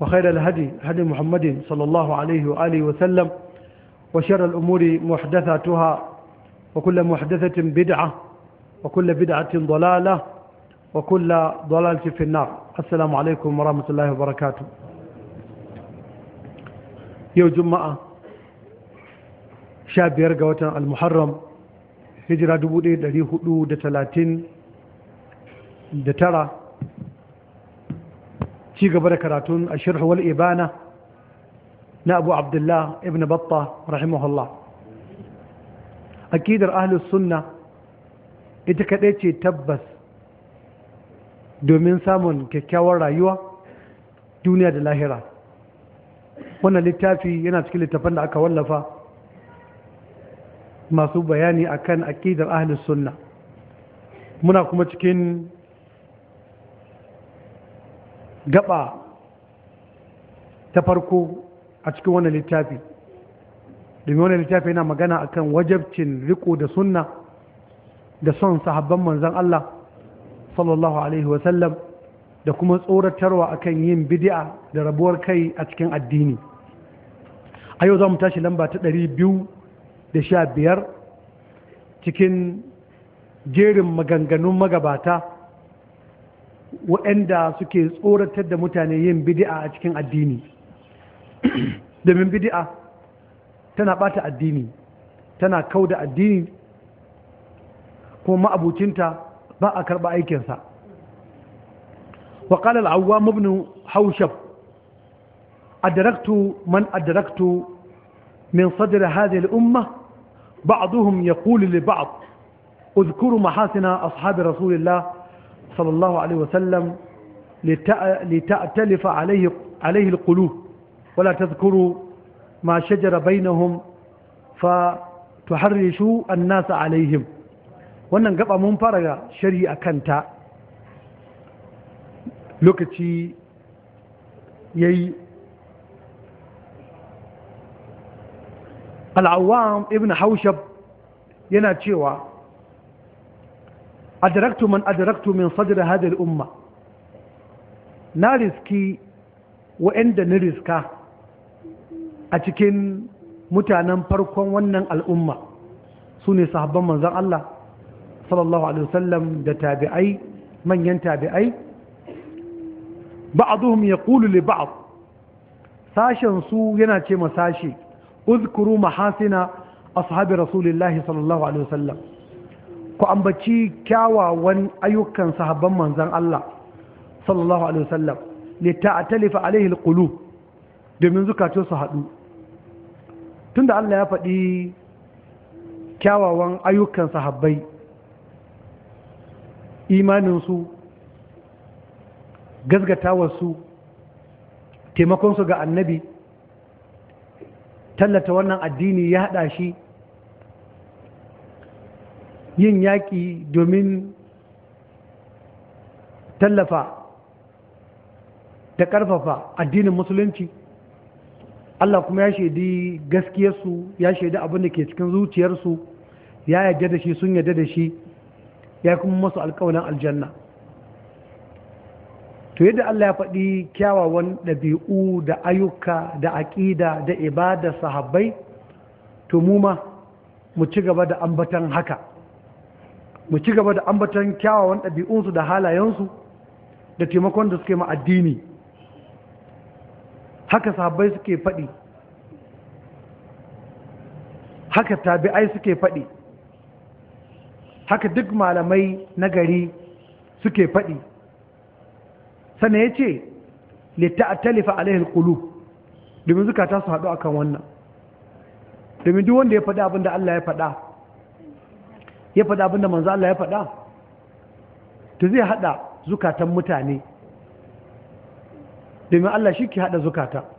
وخير الهدي هدي محمد صلى الله عليه وآله وسلم وشر الأمور محدثاتها وكل محدثة بدعة وكل بدعة ضلالة وكل ضلالة في النار السلام عليكم ورحمة الله وبركاته يوم جمعة شاب يرقى المحرم هجرة دبودي دليه دا تلاتين دترى ci gaba da karatun a shirhuwar ibana na abu abdullah ibn batta rahimahullah akidar ahlus sunna ita kaɗai ce tabbas domin samun kyakkyawar rayuwa duniya da lahira wannan littafi yana cikin littafan da aka wallafa masu bayani akan akidar ahlus sunna muna kuma cikin gaba ta farko a cikin wannan littafi domin wannan littafi yana magana akan wajabcin riko da sunna da son sahabban manzan Allah sallallahu alaihi wasallam da kuma tsoratarwa a kan yin bidi'a da rabuwar kai a cikin addini a yau za mu tashi lamba ta ɗari biyu da sha biyar cikin jerin maganganun magabata waɗanda suke tsoratar da mutane yin bidi'a a cikin addini domin bidi'a tana ɓata addini tana kau da addini kuma ma'abucinta ba a karɓa aikinsa وقال العوام بن حوشب أدركت من أدركت من صدر هذه الأمة بعضهم يقول لبعض اذكروا محاسن أصحاب رسول الله صلى الله عليه وسلم لتأتلف عليه, عليه القلوب ولا تذكروا ما شجر بينهم فتحرشوا الناس عليهم wannan gaba mun fara ga كانتا kanta lokaci yayi al'awam ibn haushab yana cewa adraktu man adraktu min sadr hadhihi umma na riski wa'anda na riska a cikin mutanen farkon wannan al'umma su ne sahabban manzon Allah sallallahu da tabi'ai manyan tabi'ai ba'dhum ya li ba'd sashen su yana ce ma sashi uzkuru mahasina ashabi rasulillahi sallallahu alaihi ku ambaci kyawawan ayyukan sahabban manzan Allah sallallahu alaihi wasallam ta'talifa alaihi alqulub domin zukatun su haɗu tunda Allah ya faɗi kyawawan ayyukan sahabbai imaninsu gazgatawarsu taimakonsu ga annabi tallata wannan addini ya haɗa shi yin yaƙi domin tallafa da ƙarfafa addinin musulunci Allah kuma ya shaidi gaskiyarsu ya shaidi abin da ke cikin zuciyarsu ya yarda da shi sun yarda da shi ya kuma masu alƙawarin aljanna to yadda Allah ya faɗi kyawawan ɗabi'u da ayyuka da aƙida da ibada sahabbai to mu ma mu ci gaba da ambatan haka mu ci gaba da ambatan kyawawan ɗabi'unsu da halayensu da taimakon da suke ma'addini, haka sahabbai suke faɗi haka tabi'ai suke faɗi haka duk malamai na gari suke faɗi sannan ya ce littattalifa alaihul kulu domin zukata su haɗu akan wannan domin duk wanda ya faɗi abin da Allah ya faɗa ya faɗa abin da manzo Allah ya faɗa to zai haɗa zukatan mutane domin Allah shi ke haɗa zukata